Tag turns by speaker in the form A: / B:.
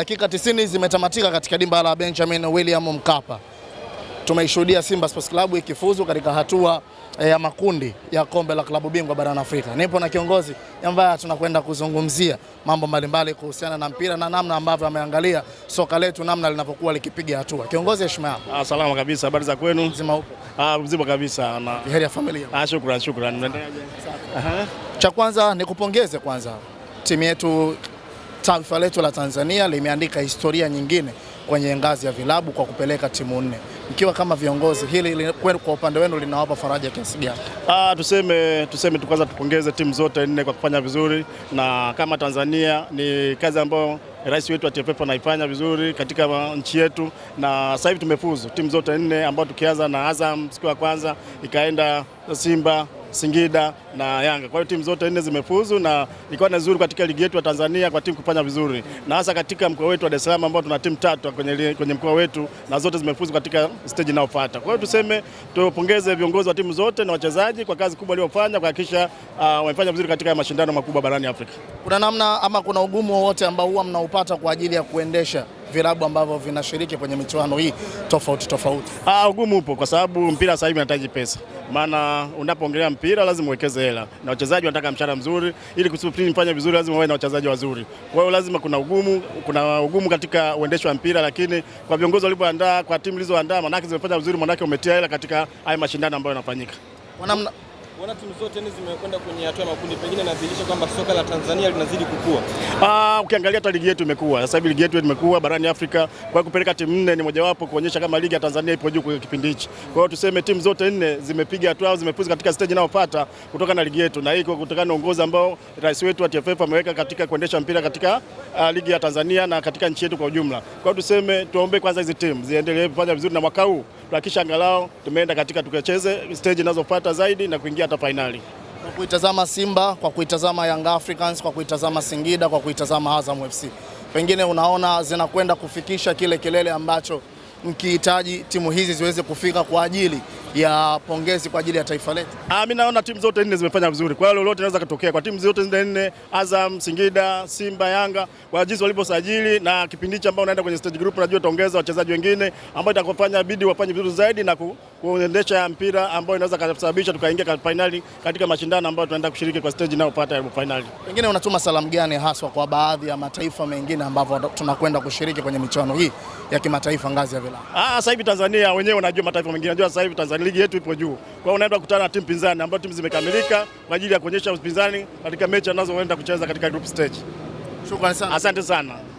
A: dakika 90 zimetamatika katika dimba la Benjamin William Mkapa. Tumeishuhudia Simba Sports Club ikifuzu katika hatua eh, ya makundi ya kombe la klabu bingwa barani Afrika. Nipo na kiongozi ambaye tunakwenda kuzungumzia mambo mbalimbali kuhusiana na mpira na namna ambavyo ameangalia soka letu namna linavyokuwa likipiga hatua. Kiongozi, heshima yako.
B: Ah, salama kabisa. Habari za kwenu? Mzima upo? Ah, mzima kabisa. Na heri ya familia. Ah, shukrani, shukrani.
A: Aha. Cha kwanza nikupongeze kwanza timu yetu taifa letu la Tanzania limeandika historia nyingine kwenye ngazi ya vilabu kwa kupeleka timu nne. Mkiwa kama viongozi, hili kwa upande wenu linawapa faraja kiasi gani?
B: Ah, tuseme tuseme kwanza tupongeze timu zote nne kwa kufanya vizuri, na kama Tanzania ni kazi ambayo rais wetu wa TFF anaifanya vizuri katika nchi yetu, na sasa hivi tumefuzu timu zote nne, ambayo tukianza na Azam siku ya kwanza, ikaenda Simba Singida na Yanga. Kwa hiyo timu zote nne zimefuzu na ilikuwa ni nzuri katika ligi yetu ya Tanzania kwa timu kufanya vizuri, na hasa katika mkoa wetu wa Dar es Salaam ambao tuna timu tatu kwenye, kwenye mkoa wetu na zote zimefuzu katika stage inayofuata. Kwa hiyo tuseme tupongeze viongozi wa timu zote na wachezaji kwa kazi kubwa waliofanya kuhakikisha uh, wamefanya vizuri katika mashindano makubwa barani Afrika.
A: Kuna namna ama kuna ugumu wowote ambao huwa mnaupata kwa ajili ya kuendesha vilabu ambavyo vinashiriki kwenye michuano hii tofauti tofauti?
B: Ah, ugumu upo kwa sababu mpira sasa hivi unahitaji pesa, maana unapoongelea mpira lazima uwekeze hela na wachezaji wanataka mshahara mzuri, ili kusudi mfanye vizuri lazima uwe na wachezaji wazuri. Kwa hiyo lazima kuna ugumu, kuna ugumu katika uendesho wa mpira, lakini kwa viongozi walivyoandaa, kwa timu zilizoandaa, manake zimefanya vizuri, manake umetia hela katika haya mashindano ambayo yanafanyika.
A: Mbona timu zote ni zimekwenda kwenye hatua ya makundi, pengine nadhihirisha kwamba soka la Tanzania linazidi kukua?
B: Ah, ukiangalia hata ligi yetu imekuwa sasa hivi, ligi yetu imekuwa barani Afrika kwa kupeleka timu nne ni mojawapo kuonyesha kama ligi ya Tanzania ipo juu kwa kipindi hichi. Kwa hiyo tuseme timu zote nne zimepiga hatua au zimefuzu katika stage inayofuata kutoka na ligi yetu, na hii kutokana na uongozi ambao rais wetu wa TFF ameweka katika kuendesha mpira katika uh, ligi ya Tanzania na katika nchi yetu kwa ujumla. Kwa hiyo tuseme tuombe kwanza hizi timu ziendelee kufanya vizuri na mwaka huu tuhakikisha angalau tumeenda katika tukacheze stage inazofuata zaidi na kuingia hata fainali.
A: Kwa kuitazama Simba, kwa kuitazama Young Africans, kwa kuitazama Singida, kwa kuitazama Azam FC, pengine unaona zinakwenda kufikisha kile kilele ambacho mkihitaji timu hizi ziweze kufika kwa ajili ya pongezi kwa ajili ya taifa letu.
B: Ah, mimi naona timu zote nne zimefanya vizuri. Kwa hiyo lolote inaweza kutokea kwa timu zote nne, Azam, Singida, Simba, Yanga, kwa jinsi walivyosajili na kipindi cha ambao unaenda kwenye stage group, najua utaongeza wachezaji wengine ambao itakufanya bidii wafanye vizuri zaidi na ku kuendesha mpira ambayo inaweza kusababisha tukaingia finali katika mashindano ambayo tunaenda kushiriki kwa stage inayofuata ya finali.
A: Pengine unatuma salamu gani haswa kwa baadhi ya mataifa mengine ambavyo tunakwenda kushiriki kwenye michuano hii ya kimataifa ngazi ya vilabu?
B: Ah, sasa hivi Tanzania wenyewe unajua mataifa mengine unajua sasa hivi Tanzania ligi yetu ipo juu. Kwa hiyo unaenda kukutana na timu pinzani ambazo timu zimekamilika kwa ajili ya kuonyesha upinzani katika mechi anazoenda kucheza katika group stage. Shukrani sana. Asante sana.